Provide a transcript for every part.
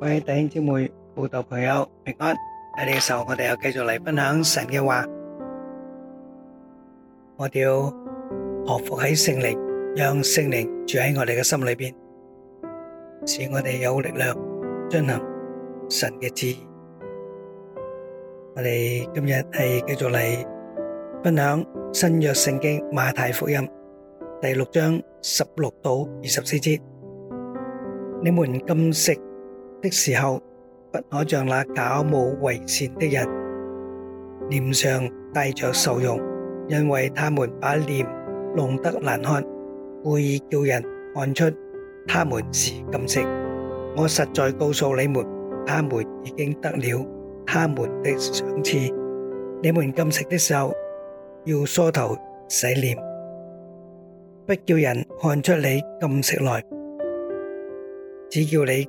各位弟兄姊妹、慕道朋友平安！喺呢個時候，我哋又繼續嚟分享神嘅話。我哋要學服喺聖靈，讓聖靈住喺我哋嘅心裏邊，使我哋有力量進行神嘅旨意。我哋今日係繼續嚟分享新約聖經馬太福音第六章十六到二十四節。你們禁食。的時候，不可像那假冒為善的人，臉上帶着愁容，因為他們把臉弄得難看，故意叫人看出他們是禁食。我實在告訴你們，他們已經得了他們的賞賜。你們禁食的時候，要梳頭洗臉，不叫人看出你禁食來，只叫你。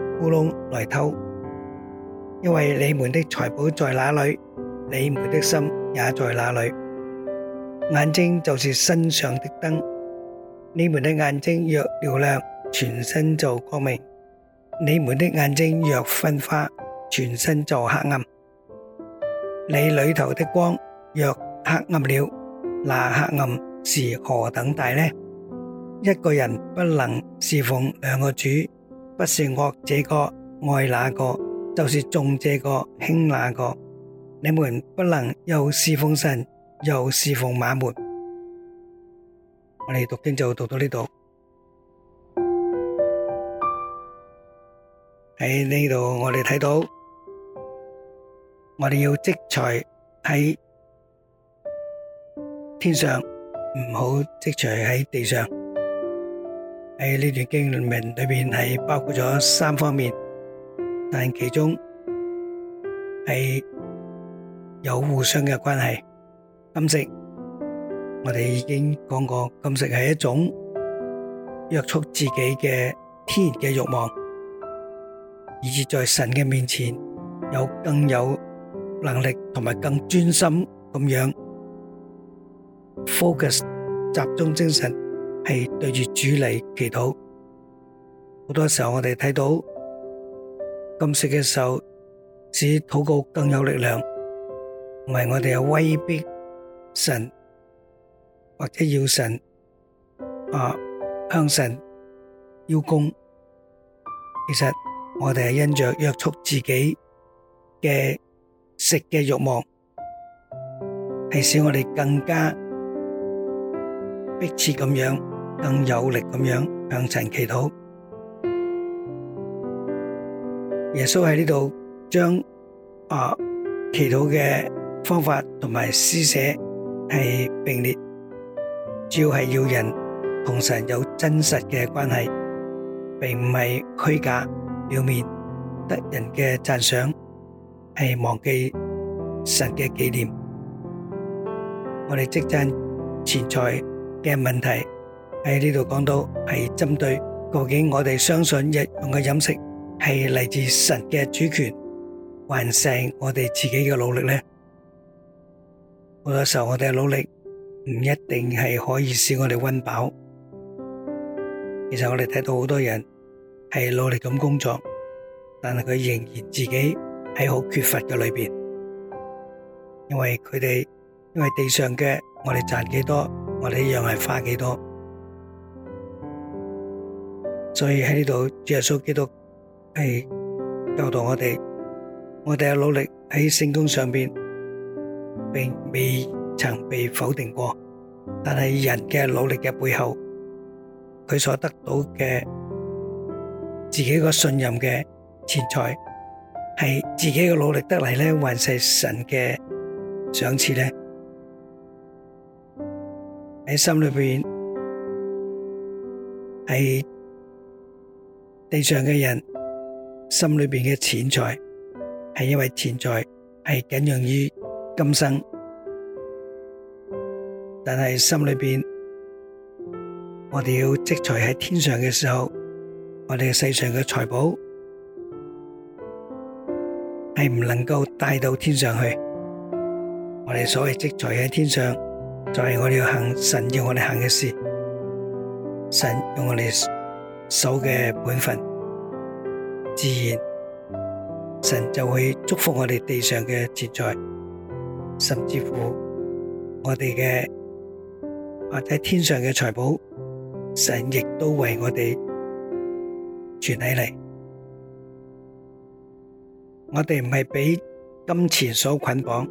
窟窿來偷，因為你們的財寶在哪裏，你們的心也在哪裏。眼睛就是身上的燈，你們的眼睛若瞭亮，全身就光明；你們的眼睛若昏花，全身就黑暗。你裏頭的光若黑暗了，那黑暗是何等大呢？一個人不能侍奉兩個主。不是惡這個愛那個，就是重這個輕那個。你們不能又侍奉神，又侍奉瑪門。我哋讀經就讀到呢度。喺呢度我哋睇到，我哋要積財喺天上，唔好積財喺地上。喺呢段經文裏面係包括咗三方面，但其中係有互相嘅關係。禁食，我哋已經講過，禁食係一種約束自己嘅天然嘅慾望，以至在神嘅面前有更有能力同埋更專心咁樣 focus 集中精神。係對住主嚟祈禱，好多時候我哋睇到禁食嘅時候，使禱告更有力量，唔係我哋有威逼神或者要神啊，向神邀功。其實我哋係因着約束自己嘅食嘅慾望，係使我哋更加迫切咁樣。更有力咁樣向神祈禱。耶穌喺呢度將啊祈禱嘅方法同埋施捨係並列，主要係要人同神有真實嘅關係，並唔係虛假、表面得人嘅讚賞，係忘記神嘅紀念。我哋即讚錢財嘅問題。喺呢度講到係針對究竟我哋相信日用嘅飲食係嚟自神嘅主權，還是我哋自己嘅努力咧？好多時候我哋嘅努力唔一定係可以使我哋溫飽。其實我哋睇到好多人係努力咁工作，但係佢仍然自己喺好缺乏嘅裏邊，因為佢哋因為地上嘅我哋賺幾多，我哋一樣係花幾多。所以喺呢度，耶穌基督係教導我哋，我哋嘅努力喺聖經上面並未曾被否定過。但係人嘅努力嘅背後，佢所得到嘅自己個信任嘅錢財，係自己嘅努力得嚟，呢，還是神嘅賞賜呢？喺心裏面係。地上嘅人心裏面嘅錢財係因為錢財係僅用於今生，但係心裏面我哋要積財喺天上嘅時候，我哋世上嘅財寶係唔能夠帶到天上去。我哋所謂積財喺天上，就係我哋要行神要我哋行嘅事，神用我哋，守嘅本分，自然神就會祝福我哋地上嘅錢財，甚至乎我哋嘅或者天上嘅財寶，神亦都為我哋存起嚟。我哋唔係俾金錢所捆綁，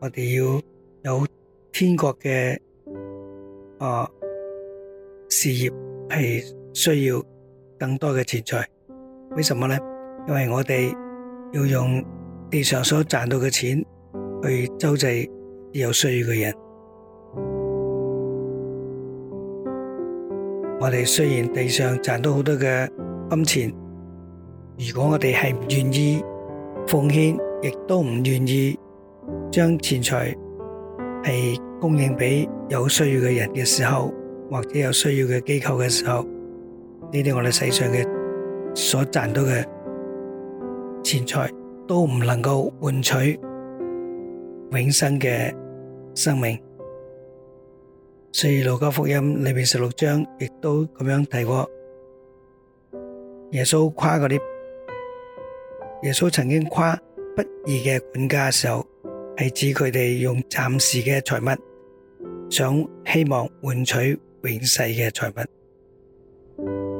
我哋要有天國嘅啊事業需要更多嘅錢財，為什麼呢？因為我哋要用地上所賺到嘅錢去周濟有需要嘅人。我哋雖然地上賺到好多嘅金錢，如果我哋係唔願意奉獻，亦都唔願意將錢財係供應俾有需要嘅人嘅時候，或者有需要嘅機構嘅時候。呢啲我哋世上嘅所賺到嘅錢財，都唔能夠換取永生嘅生命。所以《路加福音》裏邊十六章亦都咁樣提過，耶穌誇嗰啲耶穌曾經誇不義嘅管家嘅時候，係指佢哋用暫時嘅財物，想希望換取永世嘅財物。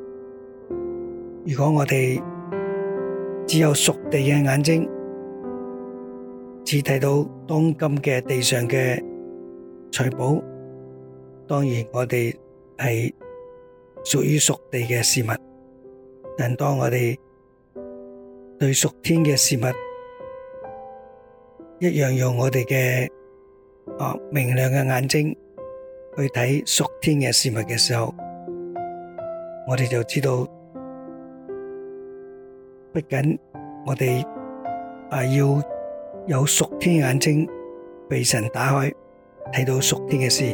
如果我哋只有屬地嘅眼睛，只睇到當今嘅地上嘅財寶，當然我哋係屬於屬地嘅事物。但當我哋對屬天嘅事物，一樣用我哋嘅、啊明亮嘅眼睛去睇屬天嘅事物嘅時候，我哋就知道。不僅我哋啊要有屬天眼睛，被神打開，睇到屬天嘅事，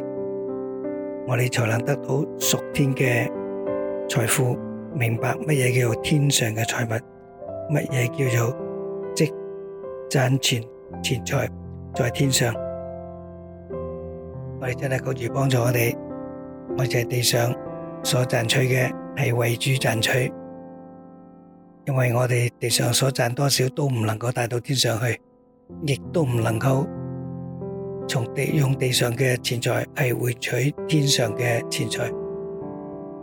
我哋才能得到屬天嘅財富，明白乜嘢叫做天上嘅財物，乜嘢叫做積攢錢錢財在天上。我哋真係靠住幫助我哋，我哋喺地上所賺取嘅係為主賺取。因為我哋地上所賺多少都唔能夠帶到天上去，亦都唔能夠從地用地上嘅錢財係換取天上嘅錢財，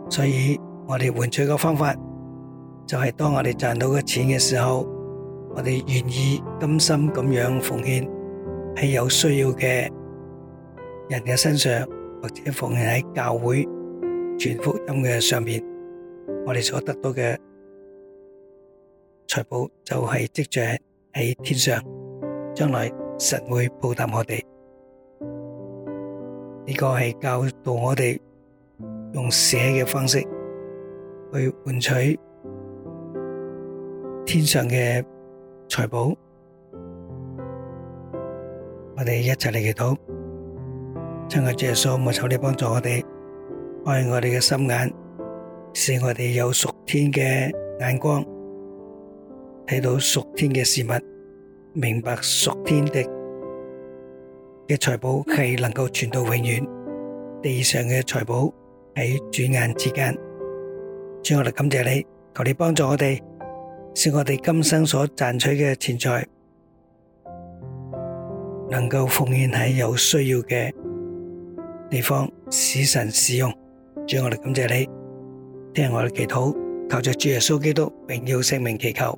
所以我哋換取嘅方法就係當我哋賺到嘅錢嘅時候，我哋願意甘心咁樣奉獻喺有需要嘅人嘅身上，或者奉獻喺教會傳福音嘅上邊，我哋所得到嘅。財寶就係積聚喺天上，將來神會報答我哋。呢、這個係教導我哋用寫嘅方式去換取天上嘅財寶。我哋一齊嚟祈禱，親愛嘅主耶穌，冇求你幫助我哋，開我哋嘅心眼，使我哋有屬天嘅眼光。睇到屬天嘅事物，明白屬天的嘅財寶係能夠傳到永遠。地上嘅財寶喺轉眼之間。主，我哋感謝你，求你幫助我哋，使我哋今生所賺取嘅錢財能夠奉獻喺有需要嘅地方，使神使用。主，我哋感謝你，聽我哋祈禱，靠着主耶穌基督榮耀聖名祈求。